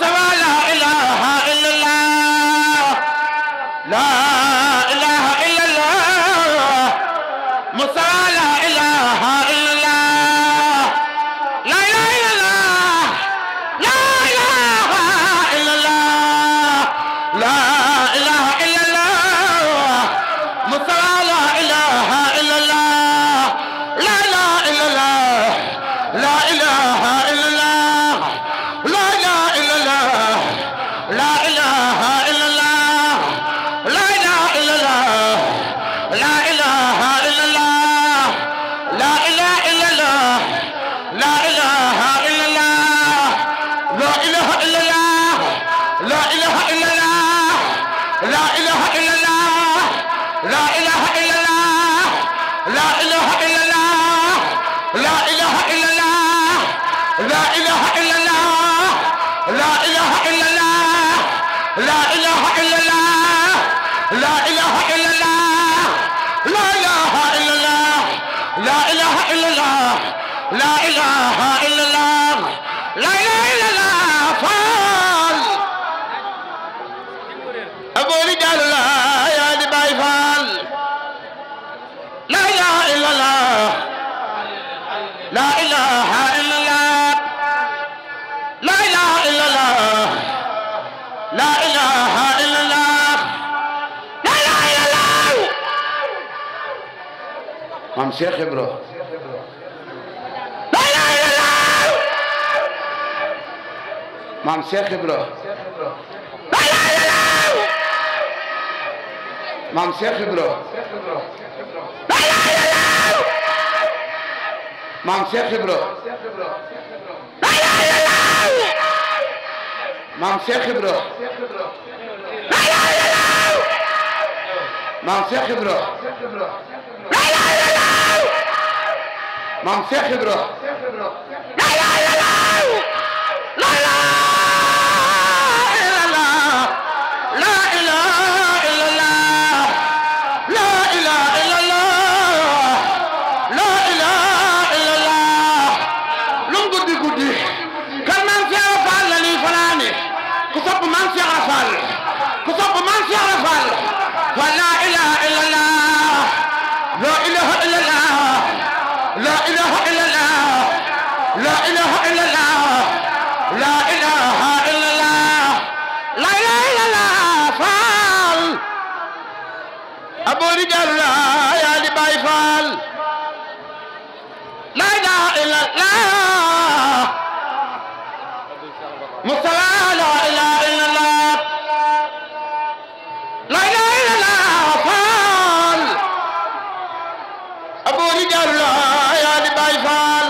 Moustapha Cheikh Ibra maam Cheikh Ibra maam Cheikh Ibra maam Cheikh Ibra maam Cheikh Ibra maam Cheikh Ibra maam Cheikh Ibra fi jalla yaa di Baay Faal la ilaha illallah mustala la ilaha illallah la ilaha illallah Faal abu di jalla yaa di Baay Faal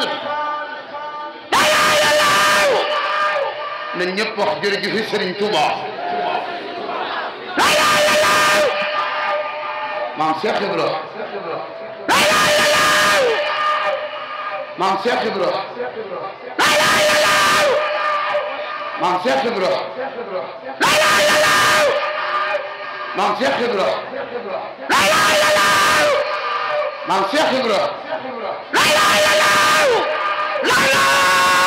la ilaha illallah na ñëpp wax jërëjëf Sëriñ Tuubaa maam Cheikh Ibra la ilaha illallah maam Cheikh Ibra la ilaha illallah maam Cheikh Ibra la ilaha illallah maam Cheikh Ibra la ilaha illallah maam Cheikh Ibra la ilaha illallah la ilaha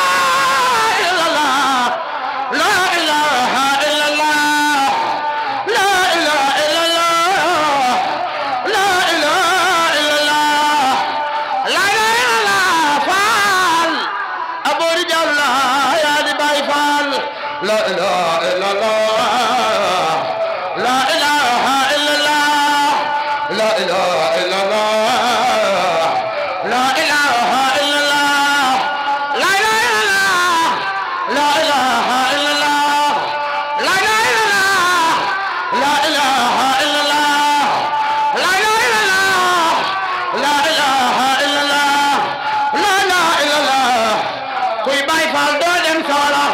Kuy Baay Faal doo dem sawara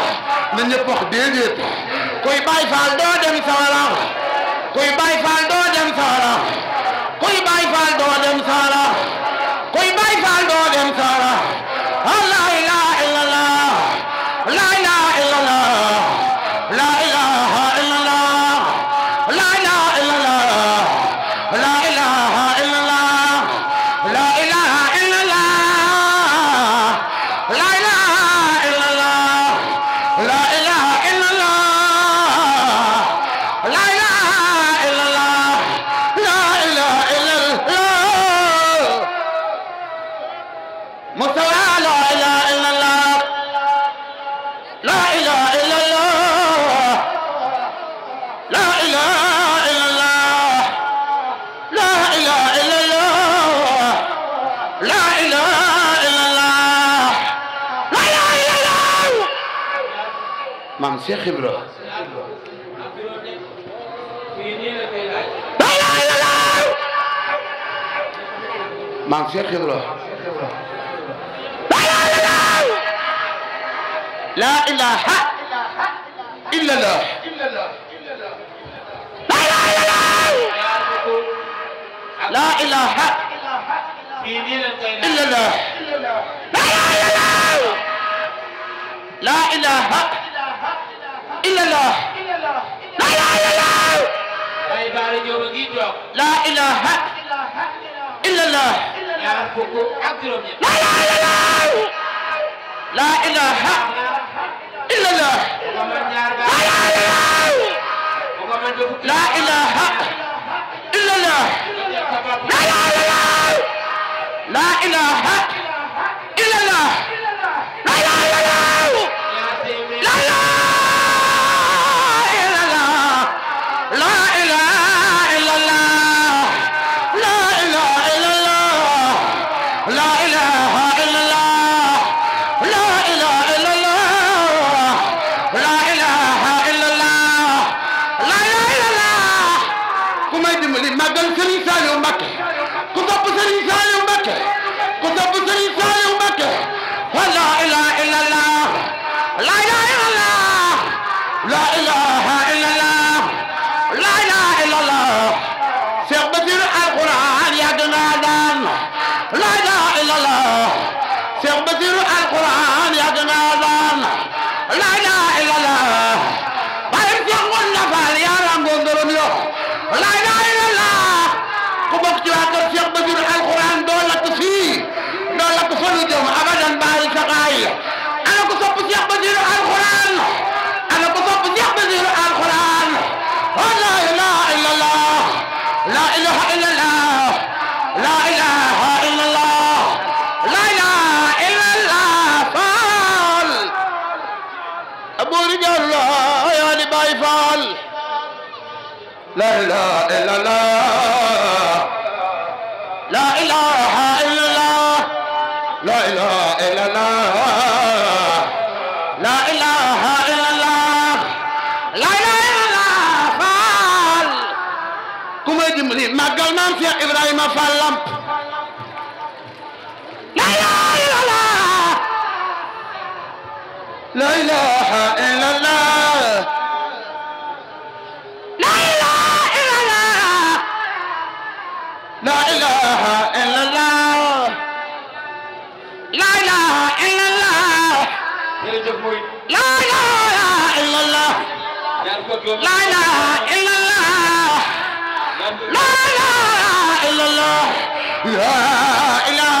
na ñëpp wax déedéet kuy Baay Faal doo Cheikh la ilaha illa Allah la ilaha illa Allah la illallah la ilaha illallah ay topp sëriñ لا إله إلا الله لا إله إلا الله لا إله إلا الله لا إله إلا الله لا إله إلا فال كما جملي ما قلنا في إبراهيم فاللم لا إله إلا الله لا إله إلا الله la ilaha illallah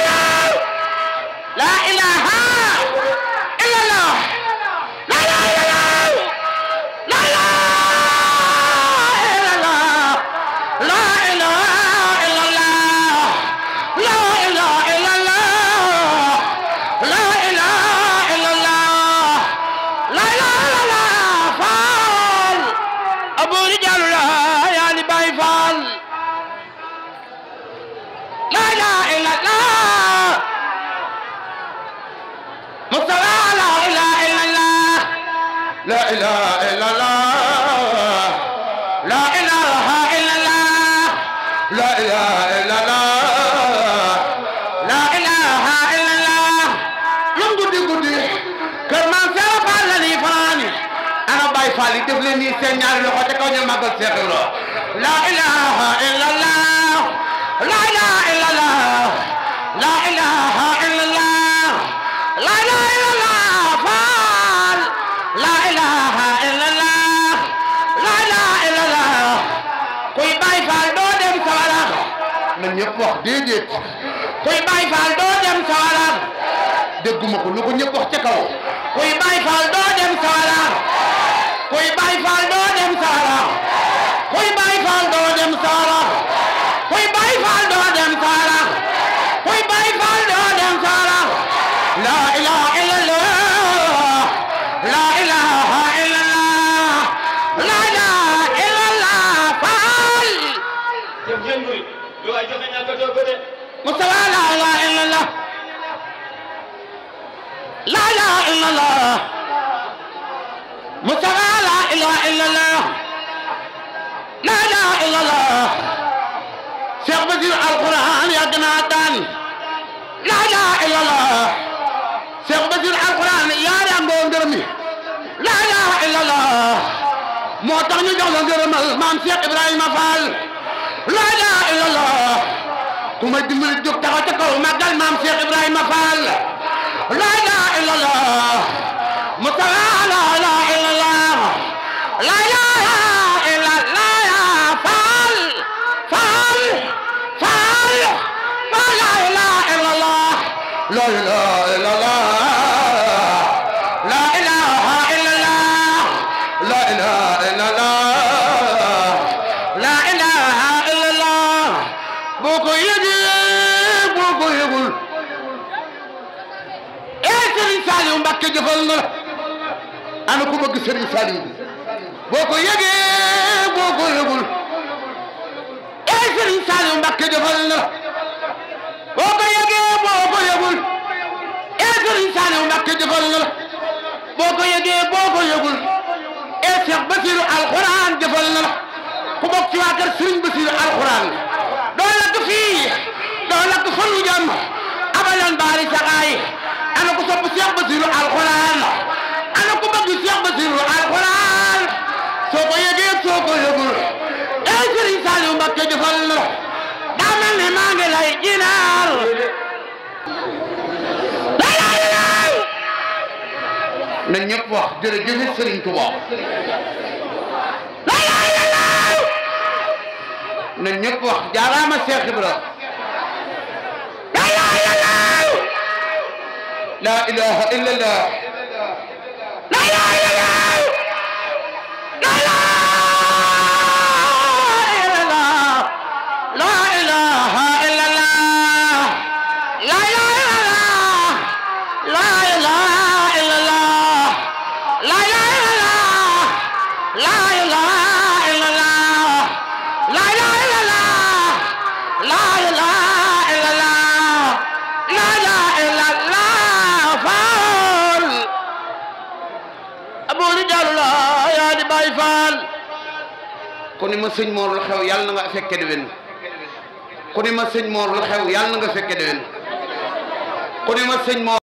laa ilaaha illallaah Mustafa laa ilaaha illallaah laa ilaaha illallaah laa ilaaha illallaah laa ilaaha illallaah laa ilaaha illallaah lum guddi guddi kër maam Seex Faal la nii fanaani ana Baay Faal yi def leen nii seen ñaari loxo ca kaw ñu màggal Seex Ibra wax déedéet kuy Baay Faal doo dem sawaraar dégguma ko lu ko ñëpp wax ca kaw kuy Baay Faal doo dem sawaraar إلا الله مصطفى لا إله إلا الله لا إله إلا الله شيخ بدير القرآن يا جناتان لا إله إلا الله شيخ بدير القرآن يا رام دوم درمي لا إله إلا الله موتاك ني جوغ درمال مام شيخ إبراهيم فال لا إله إلا الله كما دمل جوك تاخا تاخا ماغال مام شيخ إبراهيم فال لا اله الا الله Saliou Mbacke jëfal na la ana ku bëgg Serigne Saliou boo ko yëgee boo ko yëgul ee Serigne Saliou Mbacke jëfal na la boo ko yëgee boo ko yëgul ee Serigne Saliou Mbacke jëfal na la boo ko yëgee boo ko yëgul ee Cheikh Bassirou alxuraan jëfal na la ku bokk ci waa kër Serigne Bassirou alxuraan doo lakk fii doo lakk fanu jàmm abalan baari saxaay Cheikh Bassirou alxuraan la ana ku bëgg Cheikh Bassirou alxuraan soo ko yëgee soo ko yëgul ee Serigne Saliou Mbacké jëfal la daa mel ne maa ngi lay inaal na ñëpp wax jërëjëf Serigne Touba na ñëpp wax jaaraama Cheikh Ibrahima la ilaha illallah ni ma sëñ Mor lu xew na nga fekke déwén ku ni ma sëñ Mor lu xew yàlla na nga fekke déwén ku ma sëñ Mor